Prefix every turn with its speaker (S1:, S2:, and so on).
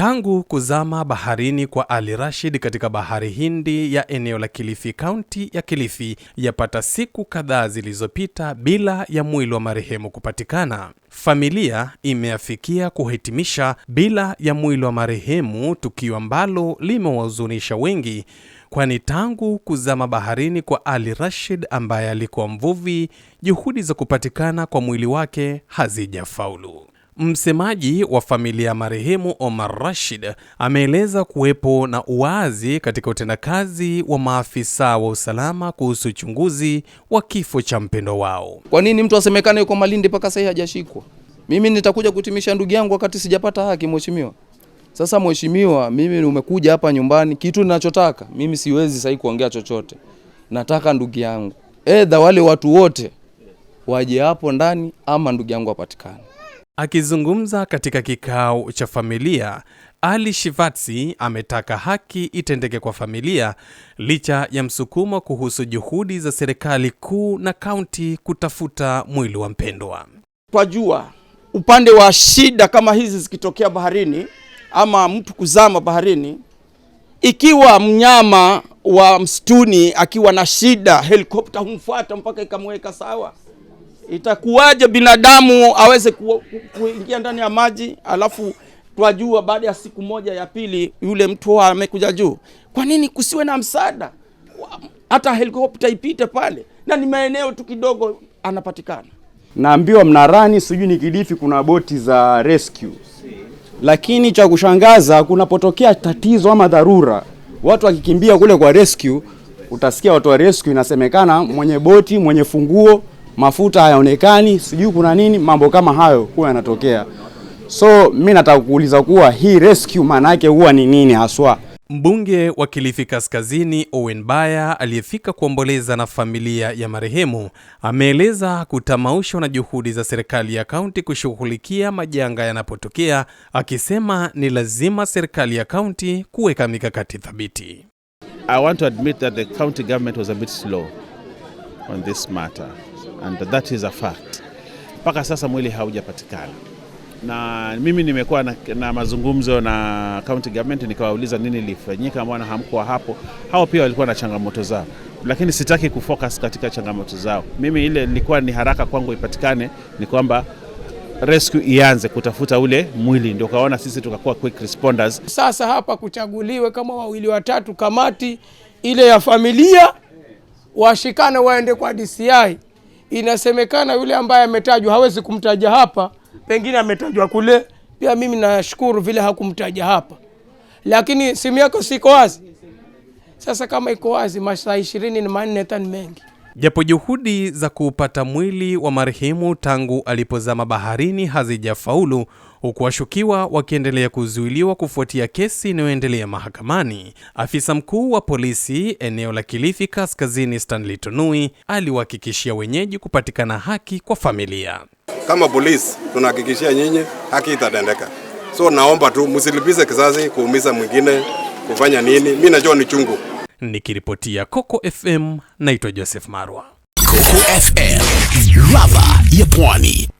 S1: Tangu kuzama baharini kwa Ali Rashid katika bahari Hindi ya eneo la Kilifi, kaunti ya Kilifi, yapata siku kadhaa zilizopita bila ya mwili wa marehemu kupatikana. Familia imeafikia kuhitimisha bila ya mwili wa marehemu, tukio ambalo limewahuzunisha wengi, kwani tangu kuzama baharini kwa Ali Rashid ambaye alikuwa mvuvi, juhudi za kupatikana kwa mwili wake hazijafaulu. Msemaji wa familia marehemu Omar Rashid ameeleza kuwepo na uwazi katika utendakazi wa maafisa wa usalama kuhusu uchunguzi wa kifo cha mpendo wao.
S2: Kwa nini mtu asemekane yuko Malindi mpaka sasa hajashikwa? Mimi nitakuja kutimisha ndugu yangu wakati sijapata haki, mheshimiwa. Sasa mheshimiwa, mimi umekuja hapa nyumbani, kitu ninachotaka mimi, siwezi sahi kuongea chochote, nataka ndugu yangu edha, wale watu wote waje hapo ndani, ama ndugu yangu apatikane.
S1: Akizungumza katika kikao cha familia, Ali Shivatsi ametaka haki itendeke kwa familia licha ya msukumo kuhusu juhudi za serikali kuu na kaunti kutafuta mwili wa mpendwa.
S2: Twajua upande wa shida kama hizi zikitokea baharini ama mtu kuzama baharini, ikiwa mnyama wa msituni akiwa na shida, helikopta humfuata mpaka ikamweka sawa. Itakuwaje binadamu aweze kuingia ndani ya maji alafu twajua baada ya siku moja ya pili yule mtu amekuja juu? Kwa nini kusiwe na msaada, hata helikopta ipite pale? Na ni maeneo tu kidogo anapatikana.
S3: Naambiwa Mnarani sijui ni Kilifi kuna boti za rescue, lakini cha kushangaza kunapotokea tatizo ama dharura, watu wakikimbia kule kwa rescue, utasikia watu wa rescue inasemekana mwenye boti mwenye funguo mafuta hayaonekani, sijui kuna nini, mambo kama hayo huwa yanatokea. So mi nataka kuuliza kuwa hii rescue maana yake huwa ni nini haswa?
S1: Mbunge wa Kilifi Kaskazini Owen Baya aliyefika kuomboleza na familia ya marehemu ameeleza kutamaushwa na juhudi za serikali ya kaunti kushughulikia majanga yanapotokea, akisema ni lazima serikali ya kaunti kuweka mikakati thabiti.
S4: I want to admit that the county government was a bit slow on this matter and that is a fact. Mpaka sasa mwili haujapatikana, na mimi nimekuwa na, na mazungumzo na county government nikawauliza nini lifanyika, mbona hamkuwa hapo? Hao pia walikuwa na changamoto zao, lakini sitaki kufocus katika changamoto zao. Mimi ile nilikuwa ni haraka kwangu ipatikane ni kwamba rescue ianze kutafuta ule mwili, ndio kaona sisi tukakuwa quick responders.
S2: Sasa hapa kuchaguliwe kama wawili watatu, kamati ile ya familia washikane, waende kwa DCI Inasemekana yule ambaye ametajwa hawezi kumtaja hapa, pengine ametajwa kule. Pia mimi nashukuru vile hakumtaja hapa, lakini simu yako siko wazi. Sasa kama iko wazi, masaa ishirini na manne tani mengi
S1: Japo juhudi za kuupata mwili wa marehemu tangu alipozama baharini hazijafaulu, huku washukiwa wakiendelea kuzuiliwa kufuatia kesi inayoendelea mahakamani. Afisa mkuu wa polisi eneo la Kilifi Kaskazini, Stanley Tonui, aliwahakikishia wenyeji kupatikana haki kwa familia.
S5: Kama polisi tunahakikishia nyinyi haki itatendeka, so naomba tu msilipize kisasi kuumiza mwingine kufanya nini. Mi najua ni chungu.
S1: Nikiripotia Coco FM, naitwa Joseph Marwa, Coco FM, ladha ya Pwani.